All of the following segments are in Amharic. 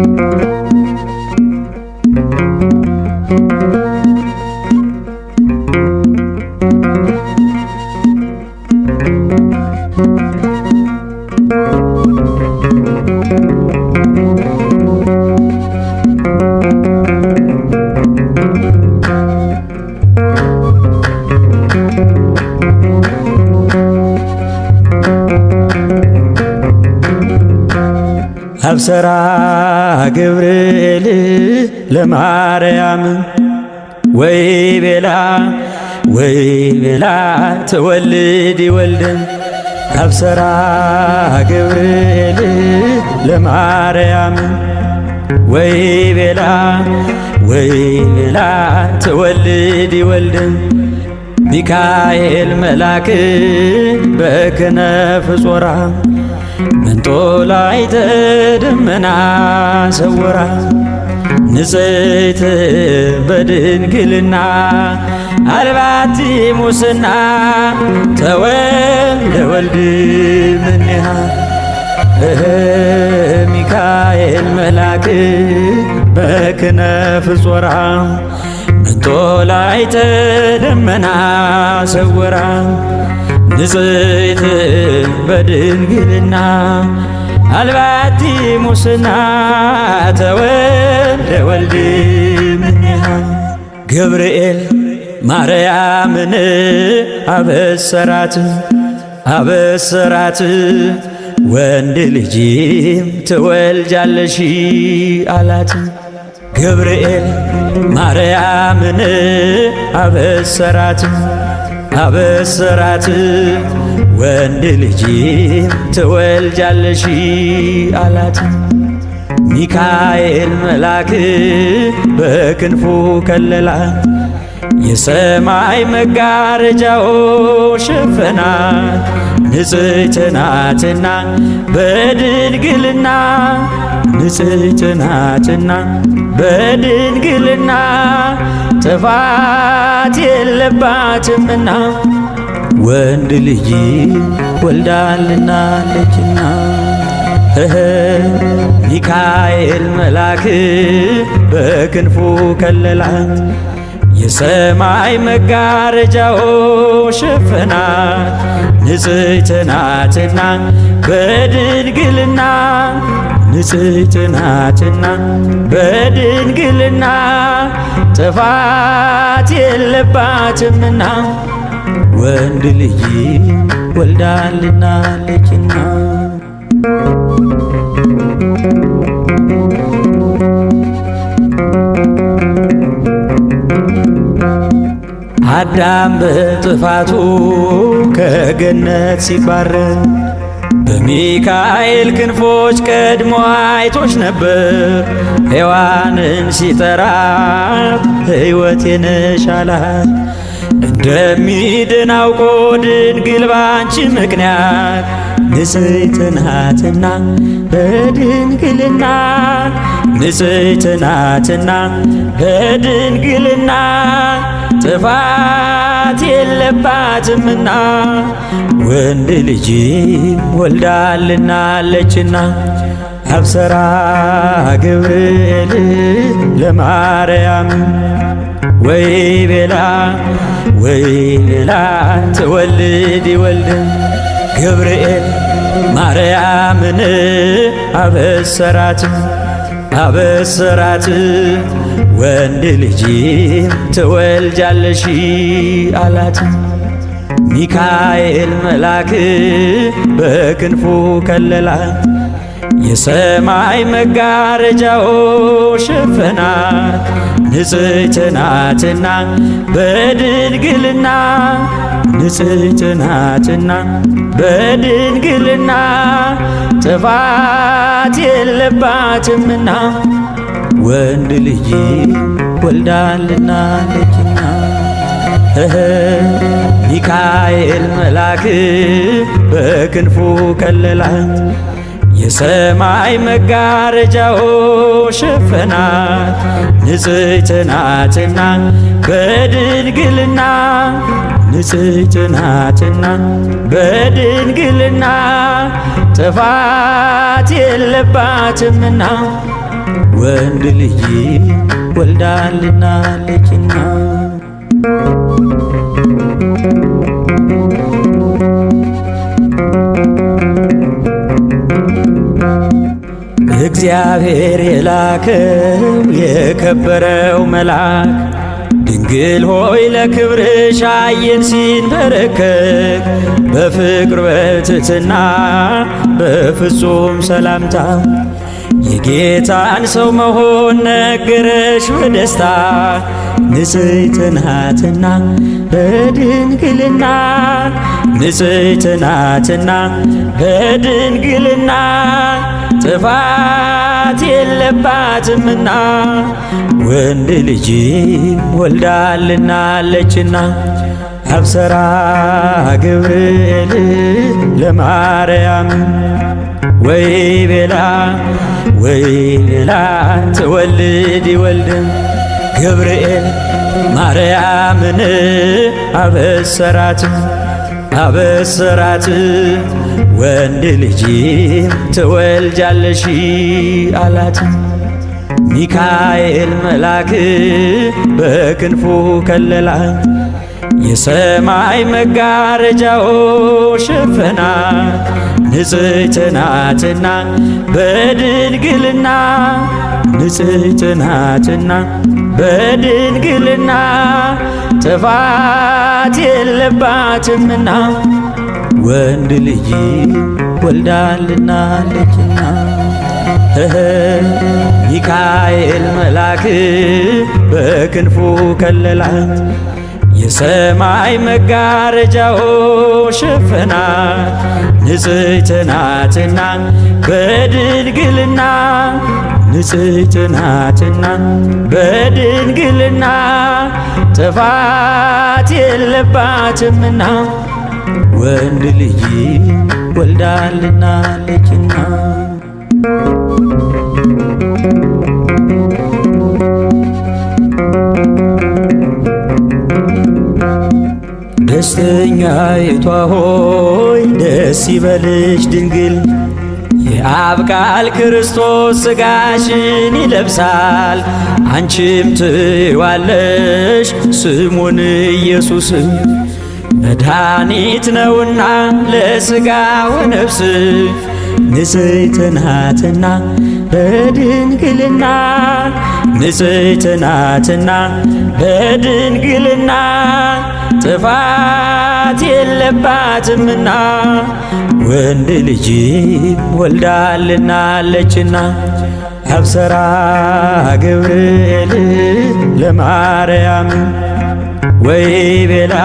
Thank you. جبريل لمريم وي بلا وي بلا تولدي ولد أبصرا جبريل لمريم وي بلا وي بلا تولدي ولد ميكائيل ملاك بكنف صورها ወላይተ ደመና ሰውራ ንጽሕት በድንግልና አልባቲ ሙስና ተወልደ ወልድ ምንሃ ሚካኤል መልአክ በክነፍ ጾራ መጦ ላይተ ደመና ሰውራ ንጽሕት በድንግልና አልባቲ ሙስና ተወልደ ወልድ ምንያ ገብርኤል ማርያምን አበሰራት አበሰራት ወንድ ልጅም ትወልጃለሽ አላት። ገብርኤል ማርያምን አበሰራት አበሰራት ወንድ ልጅ ትወልጃለሽ አላት። ሚካኤል መልአክ በክንፉ ከለላ የሰማይ መጋረጃው ሸፈና ንጽሕት ናትና በድንግልና ንጽሕት ናትና በድንግልና ጥፋት የለባትምና ወንድ ልጅ ወልዳልና ልጅና ሚካኤል መልአክ በክንፉ ከለላት የሰማይ መጋረጃው ሸፈና ንጽሕት ናትና በድንግልና ንጽሕት ናትና በድንግልና ጥፋት የለባትምና ወንድ ልጅ ወልዳልናለችና አዳም በጥፋቱ ከገነት ሲባረር በሚካኤል ክንፎች ቀድሞ አይቶች ነበር ሔዋንን ሲጠራት ሕይወቴ ነሽ አላት። እንደሚድን አውቆ ድንግል ባንቺ ምክንያት ንጽሕት ናትና በድንግልና ንጽሕት ናትና በድንግልና ጥፋት የለባትምና ወንድ ልጅም ወልዳልናለችና አብሰራ ገብርኤል ለማርያም ወይ ቤላ ወይ ቤላ ትወልድ ይወልድ ገብርኤል ማርያምን አበሰራት አበሰራት ወንድ ልጅ ትወልጃለሽ አላት። ሚካኤል መልአክ በክንፉ ከለላት። የሰማይ መጋረጃው ሸፈናት ንጽሕት ናትና በድንግልና ንጽሕት ናትና በድንግልና ጥፋት የለባትምና ወንድ ልጅ ወልዳልና ልጅና ሚካኤል መልአክ በክንፉ ከለላት። የሰማይ መጋረጃው ሸፈናት ንጽሕት ናትና በድንግልና ንጽሕት ናትና በድንግልና ጥፋት የለባትምና ወንድ ልጅ ልጅና እግዚአብሔር የላከው የከበረው መልአክ ድንግል ሆይ ለክብርሽ አየን ሲንበረከክ በፍቅር በትትና በፍጹም ሰላምታ የጌታን ሰው መሆን ነገረሽ በደስታ ንጽሕት ናትና በድንግልና ንጽሕት ናትና በድንግልና ጥፋት የለባትምና ወንድ ልጅ ወልዳልናለችና አብሰራ ገብርኤል ለማርያም ወይ ቤላ ወይላ ሌላ ትወልድ ገብርኤል ማርያምን አበሰራት አበሰራት ወንድ ልጅ ትወልጃለሽ አላት። ሚካኤል መልአክ በክንፉ ከለላት። የሰማይ መጋረጃው ሸፈና ንጽሕት ናትና በድንግልና ንጽሕት ናትና በድንግልና ጥፋት የለባትምና ወንድ ልጅ ልጅና ሚካኤል መልአክ በክንፉ ከለላት። የሰማይ መጋረጃው ሽፍና ንጽሕት ናትና በድንግልና ንጽሕት ናትና በድንግልና ጥፋት የለባትምና ወንድ ልጅ ወልዳልና ልጅና ደስተኛይቷ ሆይ ደስ ይበልሽ ድንግል የአብ ቃል ክርስቶስ ሥጋሽን ይለብሳል አንቺም ትዋለሽ ስሙን ኢየሱስ መድኃኒት ነውና ለሥጋ ወነፍስ ንጽሕት ናትና በድንግልና ንጽሕት ናትና በድንግልና ጥፋት የለባትምና ወንድ ልጅ ወልዳልናለችና አብሰራ ገብርኤል ለማርያም ወይ ቤላ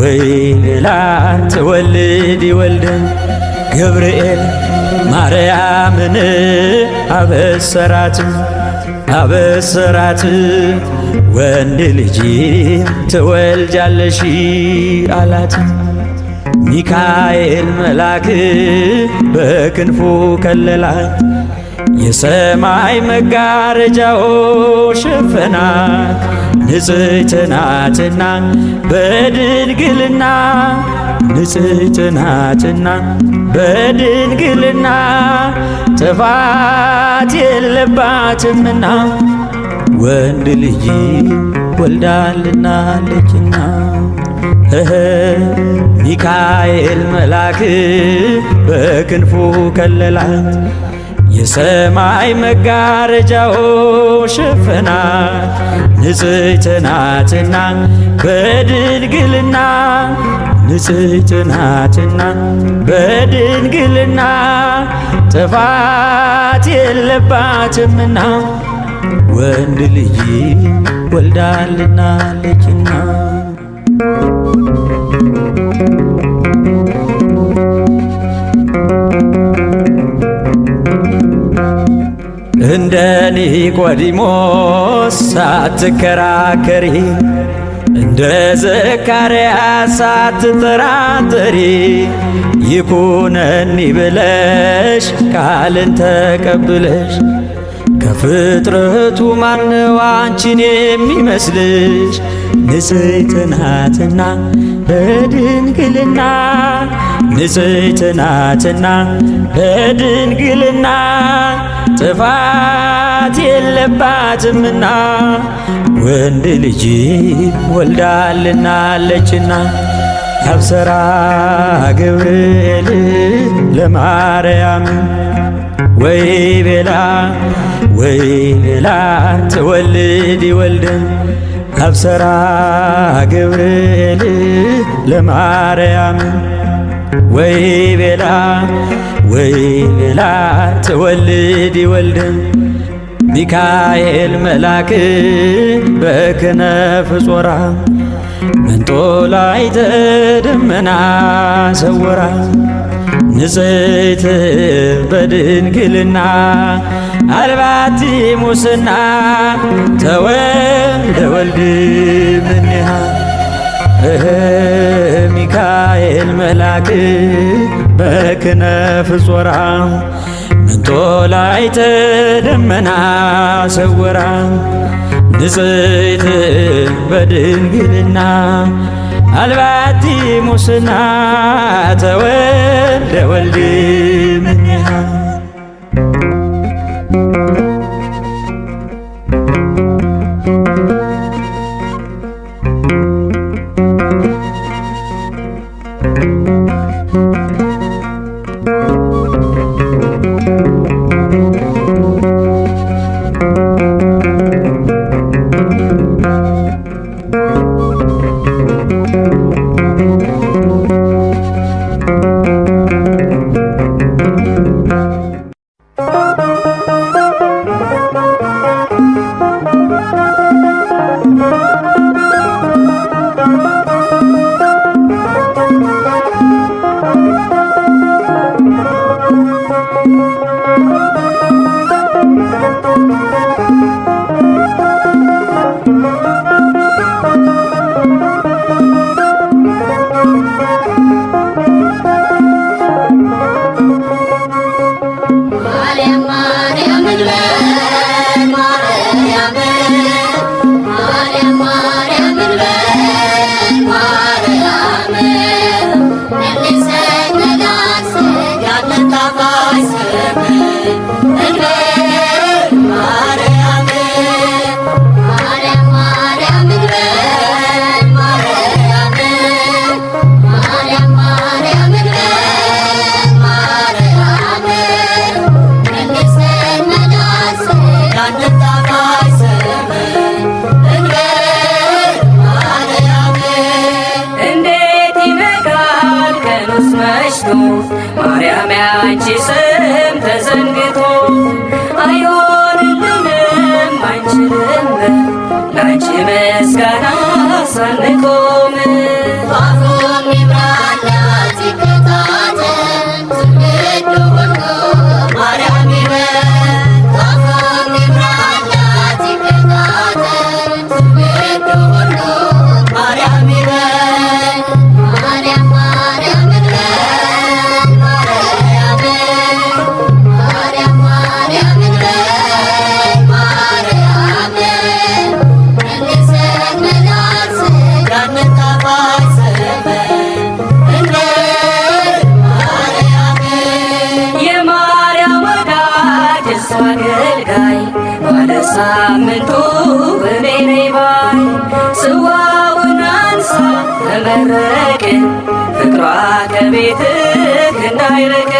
ወይ ቤላ ትወልድ ይወልድ ገብርኤል ማርያምን አበሰራትም አበስራት ወንድ ልጅ ትወልጃለሽ አላት። ሚካኤል መልአክ በክንፉ ከለላት፣ የሰማይ መጋረጃው ሸፈናት። ንጽሕት ናትና በድንግልና ንጽሕት ናትና በድንግልና ጥፋት የለባትምና ወንድ ልጅ ወልዳልናለችና እህ ሚካኤል መልአክ በክንፉ ከለላት የሰማይ መጋረጃው ሽፍና ንጽሕት ናትና በድንግልና ንጽሕት ናትና በድንግልና ጥፋት የለባትምና ወንድ ልጅ ወልዳልና ልጅና እንደ ኒቆዲሞስ ሳትከራከሪ እንደ ዘካርያስ ሳትጠራጠሪ ይኩነኒ ብለሽ ቃልን ተቀብለሽ ከፍጥረቱ ማነው አንቺን የሚመስልሽ? ንጽሕት ናትና በድንግልና ንጽሕት ናትና በድንግልና ጥፋት የለባትምና ወንድ ልጅ ወልዳልናለችና አብሰራ ገብርኤል ለማርያም ወይ ቤላ ወይ ቤላ ትወልድ ይወልድን አብሰራ ገብርኤል ለማርያም ወይ ቤላ ወይላ ተወልድ ይወልድ ሚካኤል መልአክ በክነፍ ጾራ መንጦ ላይ ተደመና ሰወራ ንጽሕት በድንግልና አልባቲ ሙስና ተወልደ ወልድ ምንሃ ሚካኤል መልአክ በክነፍ ጾራ ምንቶ ላይ ተደመና ሰወራ ንጽሕት በድንግልና አልባቲ ሙስና ተወልደ ወልድ ምኒሃ ተረስቶ ማርያም ያንቺ ስም ተዘንግቶ አይሆንልንም አንችልም ላንቺ ምስጋና ሳንቆ የእሱ አገልጋይ ባለ ሳምንቱ ጽዋውን አንሳ ተመረቅን ፍቅሯ ከቤትህ እንዳይርቅ